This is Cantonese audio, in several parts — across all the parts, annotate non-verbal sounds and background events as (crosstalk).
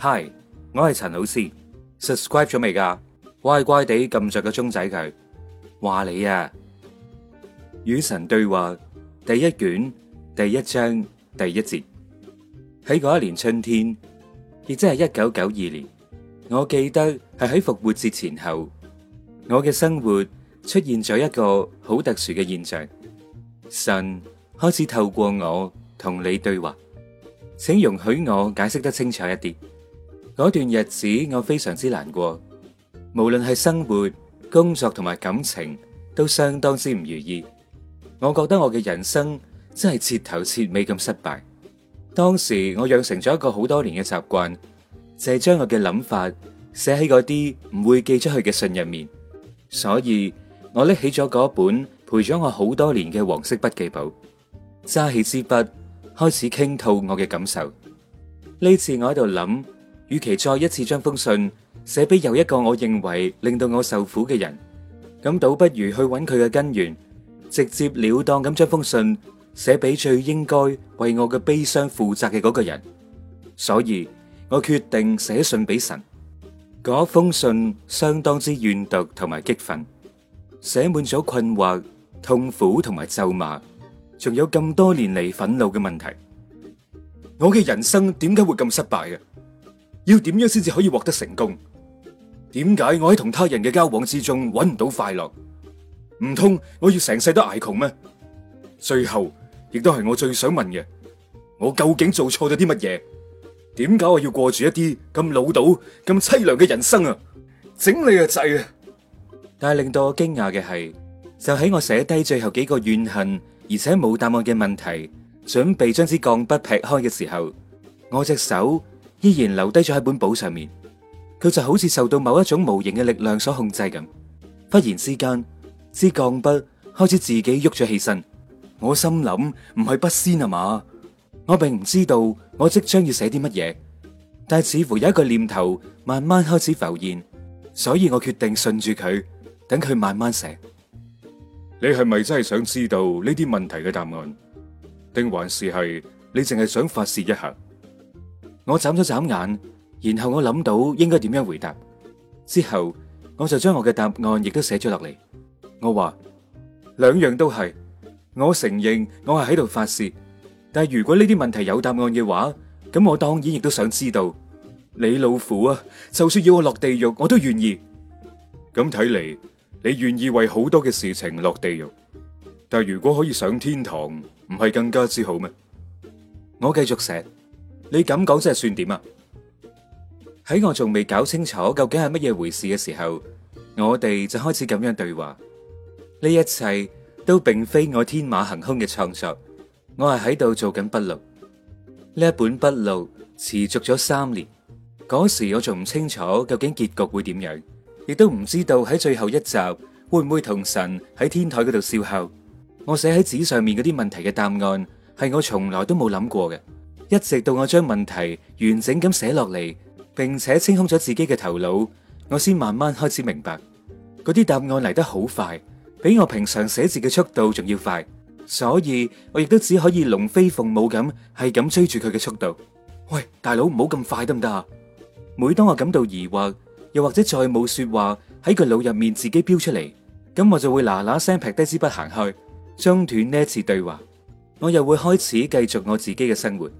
嗨，Hi, 我係陳老師。Subscribe 咗未㗎？乖乖地撳着個鐘仔，佢話你啊。與神對話第一卷第一章第一節，喺嗰一年春天，亦即係一九九二年，我記得係喺復活節前後，我嘅生活出現咗一個好特殊嘅現象，神開始透過我同你對話，請容許我解釋得清楚一啲。嗰段日子我非常之難過，無論係生活、工作同埋感情，都相當之唔如意。我覺得我嘅人生真係徹頭徹尾咁失敗。當時我養成咗一個好多年嘅習慣，就係將我嘅諗法寫喺嗰啲唔會寄出去嘅信入面。所以我拎起咗嗰本陪咗我好多年嘅黃色筆記簿，揸起支筆，開始傾吐我嘅感受。呢次我喺度諗。與其再一次將封信寫俾又一個我認為令到我受苦嘅人，咁倒不如去揾佢嘅根源，直接了當咁將封信寫俾最應該為我嘅悲傷負責嘅嗰個人。所以我決定寫信俾神。嗰封信相當之怨毒同埋激憤，寫滿咗困惑、痛苦同埋咒罵，仲有咁多年嚟憤怒嘅問題。我嘅人生點解會咁失敗嘅？要點樣先至可以獲得成功？點解我喺同他人嘅交往之中揾唔到快樂？唔通我要成世都捱窮咩？最後亦都係我最想問嘅：我究竟做錯咗啲乜嘢？點解我要過住一啲咁老到、咁淒涼嘅人生啊？整理個掣啊！但係令到我驚訝嘅係，就喺我寫低最後幾個怨恨而且冇答案嘅問題，準備將支鋼筆劈開嘅時候，我隻手。依然留低咗喺本簿上面，佢就好似受到某一種無形嘅力量所控制咁。忽然之間，支鋼筆開始自己喐咗起身。我心諗唔係筆仙啊嘛？我並唔知道我即將要寫啲乜嘢，但係似乎有一個念頭慢慢開始浮現，所以我決定順住佢，等佢慢慢寫。你係咪真係想知道呢啲問題嘅答案，定還是係你淨係想發洩一下？我眨咗眨眼，然後我諗到應該點樣回答，之後我就將我嘅答案亦都寫咗落嚟。我話兩樣都係，我承認我係喺度發洩，但係如果呢啲問題有答案嘅話，咁我當然亦都想知道。你老虎啊，就算要我落地獄，我都願意。咁睇嚟，你願意為好多嘅事情落地獄，但係如果可以上天堂，唔係更加之好咩？我繼續寫。你咁講真係算點啊？喺我仲未搞清楚究竟係乜嘢回事嘅時候，我哋就開始咁樣對話。呢一切都並非我天馬行空嘅創作，我係喺度做緊筆錄。呢一本筆錄持續咗三年，嗰時我仲唔清楚究竟結局會點樣，亦都唔知道喺最後一集會唔會同神喺天台嗰度燒烤。我寫喺紙上面嗰啲問題嘅答案，係我從來都冇諗過嘅。一直到我將問題完整咁寫落嚟，並且清空咗自己嘅頭腦，我先慢慢開始明白，嗰啲答案嚟得好快，比我平常寫字嘅速度仲要快，所以我亦都只可以龍飛鳳舞咁係咁追住佢嘅速度。喂，大佬唔好咁快得唔得啊？每當我感到疑惑，又或者再冇說話喺佢腦入面自己飆出嚟，咁我就會嗱嗱聲劈低支筆行去，中斷呢次對話，我又會開始繼續我自己嘅生活。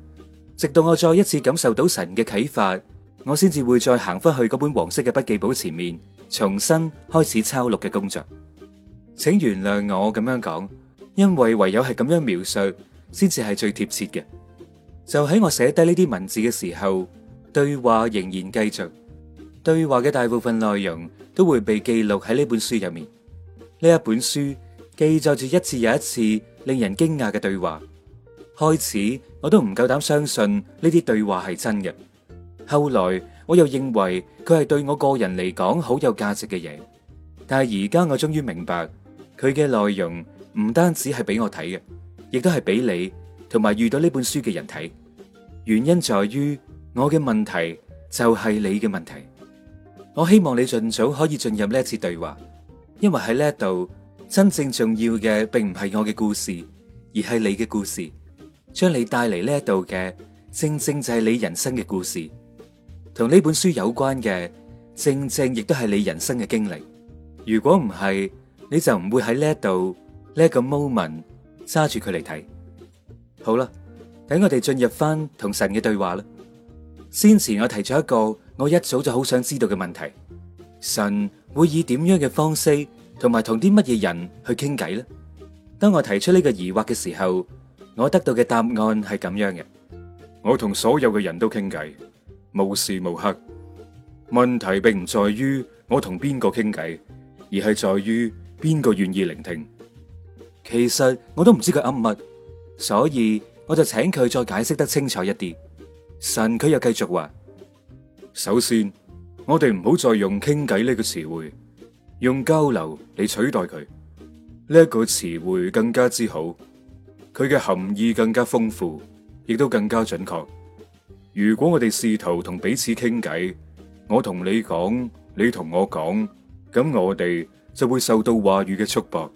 直到我再一次感受到神嘅啟發，我先至會再行翻去嗰本黃色嘅筆記簿前面，重新開始抄錄嘅工作。請原諒我咁樣講，因為唯有係咁樣描述，先至係最貼切嘅。就喺我寫低呢啲文字嘅時候，對話仍然繼續，對話嘅大部分內容都會被記錄喺呢本書入面。呢一本書記載住一次又一次令人驚訝嘅對話。開始我都唔夠膽相信呢啲對話係真嘅，後來我又認為佢係對我個人嚟講好有價值嘅嘢，但係而家我終於明白佢嘅內容唔單止係俾我睇嘅，亦都係俾你同埋遇到呢本書嘅人睇。原因在於我嘅問題就係你嘅問題，我希望你盡早可以進入呢次對話，因為喺呢度真正重要嘅並唔係我嘅故事，而係你嘅故事。將你帶嚟呢一度嘅正正就係你人生嘅故事，同呢本書有關嘅正正亦都係你人生嘅經歷。如果唔係，你就唔會喺呢一度呢一個 moment 揸住佢嚟睇。好啦，等我哋進入翻同神嘅對話啦。先前我提出一個我一早就好想知道嘅問題：神會以點樣嘅方式同埋同啲乜嘢人去傾偈咧？當我提出呢個疑惑嘅時候。我得到嘅答案係咁樣嘅，我同所有嘅人都傾偈，無時無刻。問題並唔在於我同邊個傾偈，而係在於邊個願意聆聽。其實我都唔知佢噏乜，所以我就請佢再解釋得清楚一啲。神佢又繼續話：首先，我哋唔好再用傾偈呢個詞彙，用交流嚟，取代佢，呢一個詞彙更加之好。佢嘅含義更加豐富，亦都更加準確。如果我哋試圖同彼此傾偈，我同你講，你同我講，咁我哋就會受到話語嘅束縛。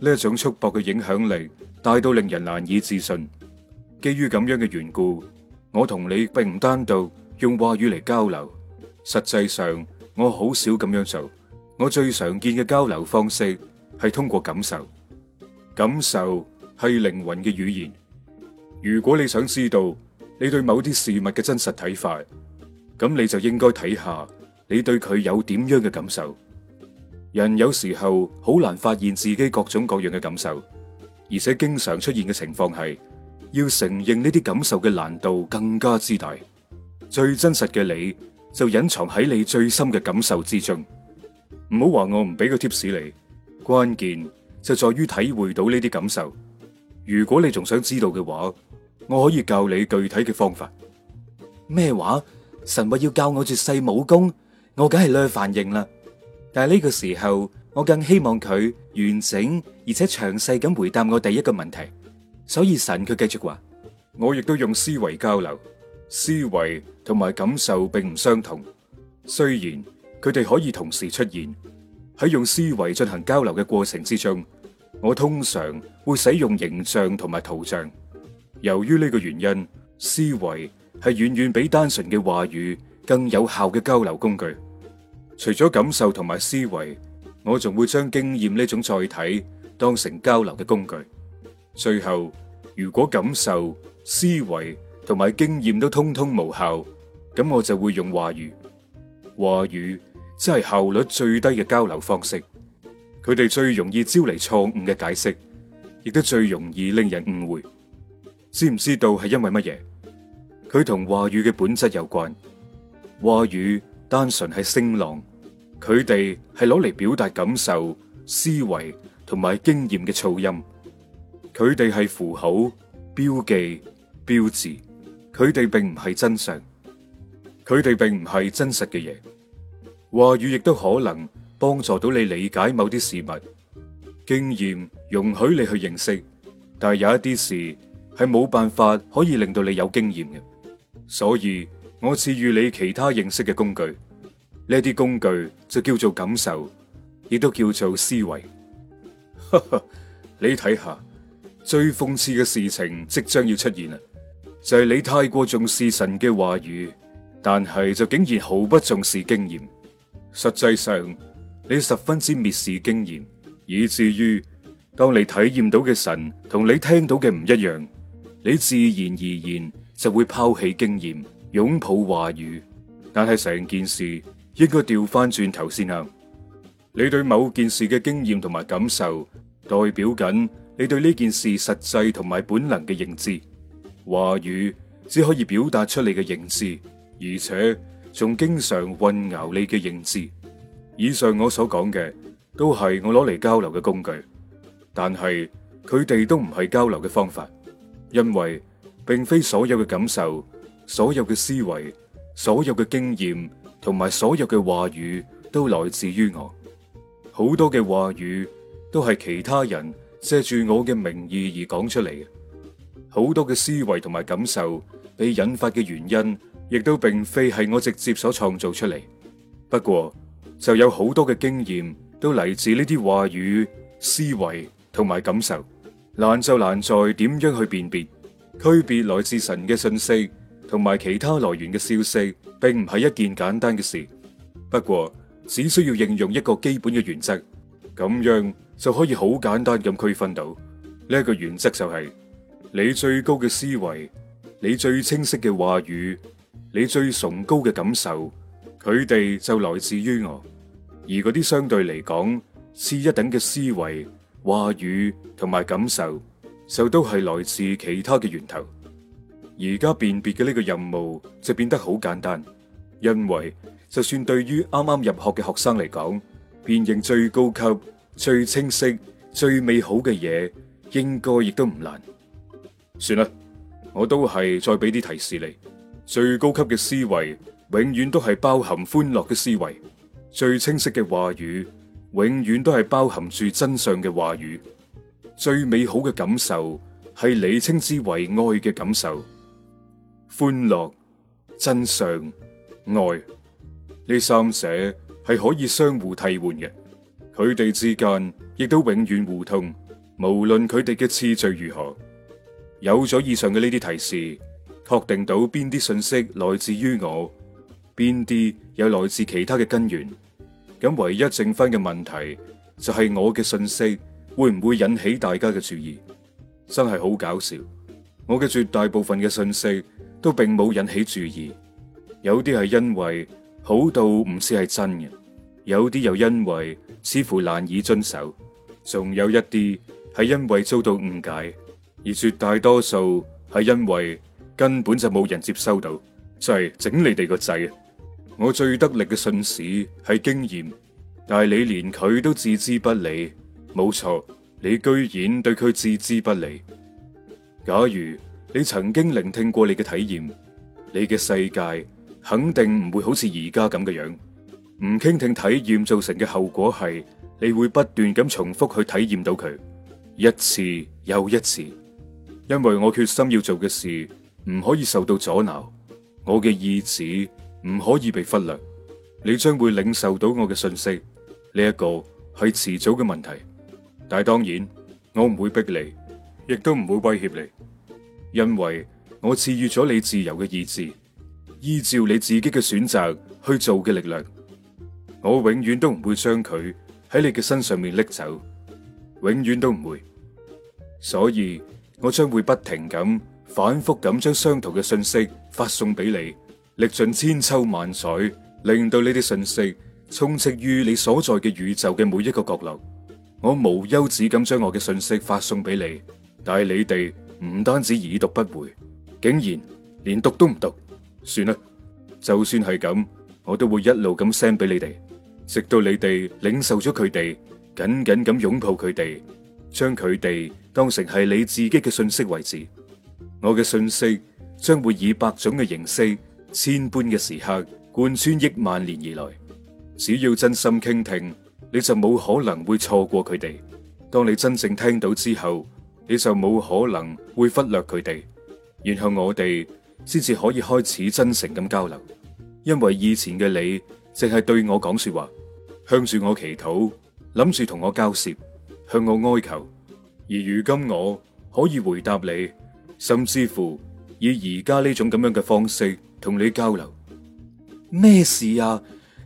呢一種束縛嘅影響力大到令人難以置信。基於咁樣嘅緣故，我同你並唔單獨用話語嚟交流。實際上，我好少咁樣做。我最常見嘅交流方式係通過感受，感受。.係靈魂嘅語言。如果你想知道你對某啲事物嘅真實睇法，咁你就應該睇下你對佢有點樣嘅感受。人有時候好難發現自己各種各樣嘅感受，而且經常出現嘅情況係要承認呢啲感受嘅難度更加之大。最真實嘅你就隱藏喺你最深嘅感受之中。唔好話我唔俾個貼士你，關鍵就在於體會到呢啲感受。如果你仲想知道嘅話，我可以教你具體嘅方法。咩話？神話要教我絕世武功，我梗係略反應啦。但係呢個時候，我更希望佢完整而且詳細咁回答我第一個問題。所以神佢繼續話：我亦都用思維交流，思維同埋感受並唔相同。雖然佢哋可以同時出現喺用思維進行交流嘅過程之中。我通常會使用形象同埋圖像。由於呢個原因，思維係遠遠比單純嘅話語更有效嘅交流工具。除咗感受同埋思維，我仲會將經驗呢種載體當成交流嘅工具。最後，如果感受、思維同埋經驗都通通無效，咁我就會用話語。話語即係效率最低嘅交流方式。佢哋最容易招嚟錯誤嘅解釋，亦都最容易令人誤會。知唔知道係因為乜嘢？佢同話語嘅本質有關。話語單純係聲浪，佢哋係攞嚟表達感受、思維同埋經驗嘅噪音。佢哋係符號、標記、標誌，佢哋並唔係真相，佢哋並唔係真實嘅嘢。話語亦都可能。幫助到你理解某啲事物。經驗容許你去認識，但係有一啲事係冇辦法可以令到你有經驗嘅，所以我賜予你其他認識嘅工具。呢啲工具就叫做感受，亦都叫做思維。 (laughs) 你睇下，最諷刺嘅事情即將要出現啦，就係你太過重視神嘅話語，但係就竟然毫不重視經驗。實際上。你十分之蔑視經驗，以至於當你體驗到嘅神同你聽到嘅唔一樣，你自然而然就會拋棄經驗，擁抱話語。但係成件事應該調翻轉頭先啊！你對某件事嘅經驗同埋感受，代表緊你對呢件事實際同埋本能嘅認知。話語只可以表達出你嘅認知，而且仲經常混淆你嘅認知。以上我所講嘅都係我攞嚟交流嘅工具，但係佢哋都唔係交流嘅方法，因為並非所有嘅感受、所有嘅思維、所有嘅經驗同埋所有嘅話語都來自於我，好多嘅話語都係其他人借住我嘅名義而講出來嘅，好多嘅思維同埋感受被引發嘅原因亦都並非係我直接所創造出嚟不過就有好多嘅經驗都嚟自呢啲話語、思維同埋感受，難就難在點樣去辨別區別來自神嘅信息同埋其他來源嘅消息，並唔係一件簡單嘅事。不過只需要應用一個基本嘅原則，咁樣就可以好簡單咁區分到。呢個原則就係你最高嘅思維，你最清晰嘅話語，你最崇高嘅感受。佢哋就來自於我，而嗰啲相對嚟講，次一等嘅思維、話語同埋感受，就都係來自其他嘅源頭。而家辨別嘅呢個任務就變得好簡單，因為就算對於啱啱入學嘅學生嚟講，辨認最高級、最清晰、最美好嘅嘢，應該亦都唔難。算啦，我都係再俾啲提示你，最高級嘅思維。永遠都係包含歡樂嘅思維，最清晰嘅話語，永遠都係包含住真相嘅話語，最美好嘅感受係你稱之為愛嘅感受。歡樂、真相、愛呢三者係可以相互替換嘅，佢哋之間亦都永遠互通。無論佢哋嘅次序如何，有咗以上嘅呢啲提示，確定到邊啲信息來自於我邊啲有來自其他嘅根源？咁唯一剩翻嘅問題就係我嘅信息會唔會引起大家嘅注意？真係好搞笑！我嘅絕大部分嘅信息都並冇引起注意，有啲係因為好到唔知係真嘅，有啲又因為似乎難以遵守，仲有一啲係因為遭到誤解，而絕大多數係因為根本就冇人接收到，就係、是、整你哋個制。我最得力嘅信使係經驗，但係你連佢都置之不理。冇錯，你居然對佢置之不理。假如你曾經聆聽過你嘅體驗，你嘅世界肯定唔會好似而家咁嘅樣。唔傾聽體驗造成嘅後果係，你會不斷咁重複去體驗到佢，一次又一次。因為我決心要做嘅事，唔可以受到阻撓，我嘅意志，唔可以被忽略，你將會領受到我嘅訊息。呢、這、一個係遲早嘅問題，但係當然我唔會逼你，亦都唔會威脅你，因為我賜予咗你自由嘅意志，依照你自己嘅選擇去做嘅力量，我永遠都唔會將佢喺你嘅身上面拎走，永遠都唔會。所以我將會不停咁、反復咁將相同嘅訊息發送俾你。力盡千秋萬載，令到呢啲信息充斥於你所在嘅宇宙嘅每一個角落。我無休止咁將我嘅信息發送俾你，但係你哋唔單止已讀不回，竟然連讀都唔讀。算啦，就算係咁，我都會一路咁 send 俾你哋，直到你哋領受咗佢哋，緊緊咁擁抱佢哋，將佢哋當成係你自己嘅信息為止。我嘅信息將會以百種嘅形式。千般嘅時刻，貫穿億萬年以來。只要真心傾聽，你就冇可能會錯過佢哋。當你真正聽到之後，你就冇可能會忽略佢哋。然後我哋先至可以開始真誠咁交流。因為以前嘅你，淨係對我講說話，向住我祈禱，諗住同我交涉，向我哀求。而如今我可以回答你，甚至乎。以而家呢種咁樣嘅方式同你交流，咩事啊？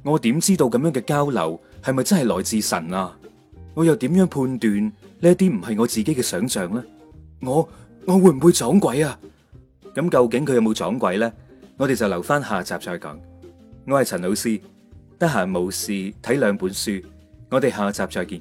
我點知道咁樣嘅交流係咪真係來自神啊？我又點樣判斷呢一啲唔係我自己嘅想象咧？我我會唔會撞鬼啊？咁究竟佢有冇撞鬼咧？我哋就留返下集再講。我係陳老師，得閒冇事睇兩本書，我哋下集再見。